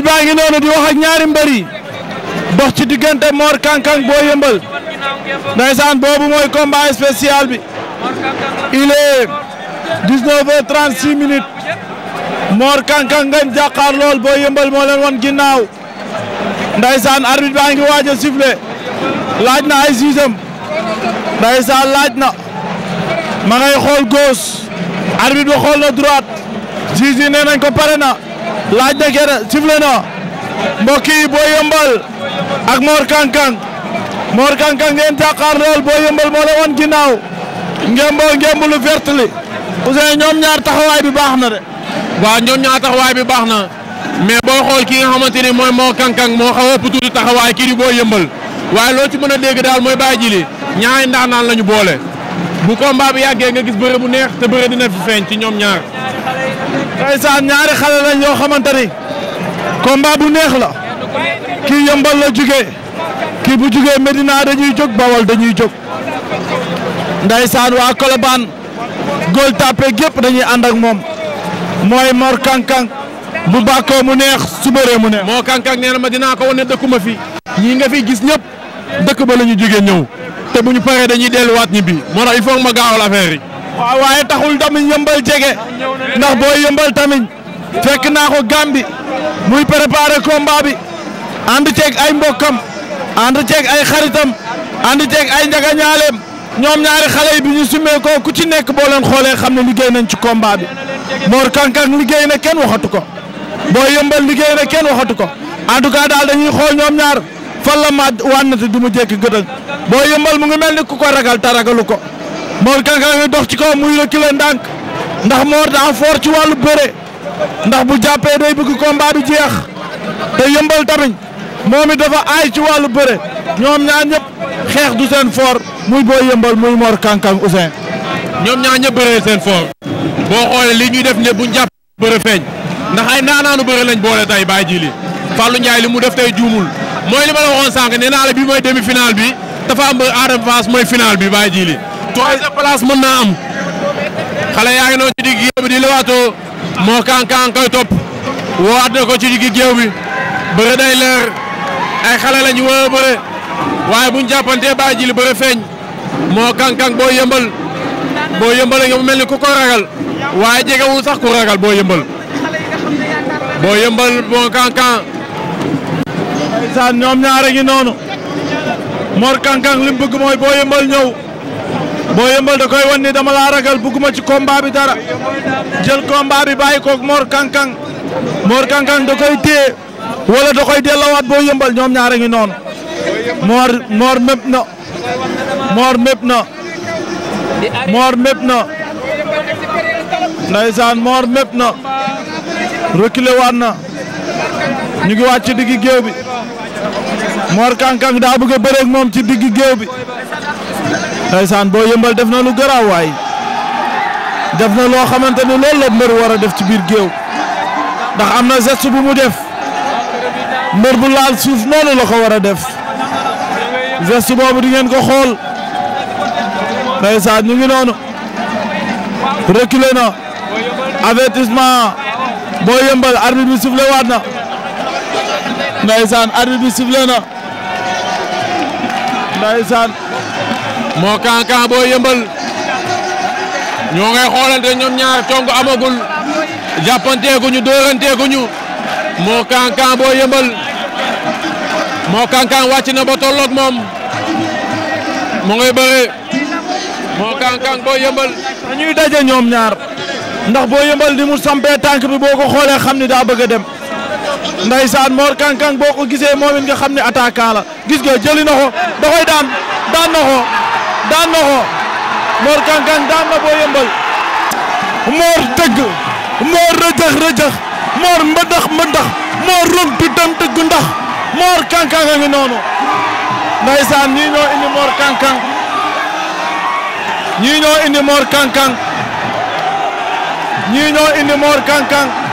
arbitre baa ngi noonu di wax ñaari mbëri dox ci diggante Mor Kang Kang Boy Yeumbeul ndeysaan boobu mooy combat spécial bi il est 19 h minutes Mor Kang Kang ngeen jàkkaar lool Boy Yeumbeul moo wan ginnaaw ndeysaan arbitre baa ngi waaj a sifflé laaj na ay siisam ndeysaan laaj na ma ngay xool gauche arbitre bi xool na droite juge yi nañ ko pare na laaj na kenn sifflé na mbokk yi Boy Yeumbeul ak Mor Kang Kang Mor Kang Kang ngeen jàkkaar lool Boy moo la woon ginnaaw ngemboo ngemb lu vert li ñoom ñaar taxawaay bi baax na de. waaw ñoom ñaar taxawaay bi baax na mais boo xool ki nga xamante ni mooy moo Kang moo xaw a ëpp taxawaay kii di Boy Yeumbeul waaye loo ci mën a dégg daal mooy bàyyi ji li ñaari ndaanaan la ñu boole. bu combat bi yàggee nga gis bëre bu neex te bëre dina fi feeñ ci ñoom ñaar. ndeysaan ñaari xale lañ yoo xamante ni combat bu neex la kii yëmbal la jugee kii bu jugee Medina dañuy jóg Bawol dañuy jóg ndeysaan waa Colobane Gueule Tapée gépp dañuy ànd ak moom mooy Mor Kankang bu bàkkoo mu neex su bëree mu neex. Mor Kankang nee na ma dinaa ko wane dëkku fi. ñii nga fi gis ñëpp dëkk ba la ñu ñëw. te bu ñu paree dañuy delluwaat ñibbi moo tax il faut ma gaawal affaire yi. waaw waaye taxul tamit yëmbal jege ndax boo yëmbal tamit fekk naa ko Gàmbi muy préparer combat bi ànd jeg ay mbokkam ànd jeg ay xaritam ànd jeg ay njagañaaleem ñoom ñaari xale yi bu ñu sumee ko ku ci nekk boo leen xoolee xam ne liggéey nañ ci combat bi Mor Kang Kang liggéey na kenn waxatu ko booy yëmbal liggéey na kenn waxatu ko en tout cas dañuy xool ñoom ñaar. fan la ma wànnati du mu jékki gëtëng boo yëmbal mu ngi mel ni ku ko ragal te ragalu ko Mor Kànkang ngi dox ci kaw muy reculer ndànk ndax Mor daa foor ci wàllu bëre ndax bu jàppee day bëgg combat du jeex te yëmbal tamit moom it dafa aay ci wàllu bëre ñoom ñaar ñëpp xeex du seen foor muy boo yëmbal muy Mor Kànkang Ousseyn. ñoom ñaar ñëpp bëree seen foor boo xoolee li ñuy def ne buñ jàpp bëre feeñ ndax ay naanaanu bëre lañ boole tay bàyyi ji li Fallou Ndiaye li mu def tey juumul. mooy li ma la waxoon sànq nee naa mooy demi final bi dafa am Ada Fass mooy final bi bàyyi ji li. troisième mën naa am. xale yaa ngi noonu ci digg bi di lewaatoo moo kan kan koy topp woowaat ko ci digg géew bi bëre day leer ay xale lañu war a bëre waaye buñ jàppantee bàyyi ji li feeñ moo kan kan boo yëmbal boo yëmbal nga mel ni ku ko ragal waaye jegewul sax ku ragal boo yëmbal boo yëmbal moo kan saan ñoom ñaare ngi noonu Mor Kankang li mu bëgg mooy Boy Yeumbeul ñëw Boy Yeumbeul da koy wan dama laa ragal bëgguma ci combat bi dara jël combat bi bàyyi koog Mor Kankang Mor Kankang da koy téye wala da koy delloowaat ñoom ñaare noonu Mor Mor mépp na Mor mépp na Mor mépp na ndaysaan Mor mépp na bi. Mor Kankang daa bëgg a bëreeg moom ci digg géew bi ndeysaan boo yëmbal def na lu garaaw waay def na loo xamante ni loolu la mbër war a def ci biir géew ndax am na geste bu mu def mbër bu laal suuf noonu la ko war a def geste boobu di ngeen ko xool ndeysaan ñu ngi noonu reculé na avertissement boo yëmbal arbitre bi sifflé waat na Ndeysaan arbitre bi sifflé na Ndeysaan moo Kan boo yëmbal ñoo ngay xoolante ñoom ñaar cong amagul jàppanteeguñu dóoranteeguñu moo Kan Kan boo yëmbal moo Kan Kan wàcc na ba tolloog moom mu ngay bëre moo Kan boo yëmbal dañuy daje ñoom ñaar ndax boo yëmbal di mu sampee tànk bi boo ko xoolee xam ni daa bëgg a dem Ndeysaan Mor Kang Kang boo ko gisee moom it nga xam ne attaquant la gis nga jëli na ko da koy daan daan na ko daan na ko Mor Kang Kang daan na boo yëmbal. Mor dëgg Mor rëjëx rëjëx Mor mbëndax mbëndax Mor rumpi dem dëgg ndax Mor Kang Kang a noonu Ndeysaan ñii ñoo indi Mor Kang Kang ñii indi Mor Kang Kang ñii indi Mor Kang Kang.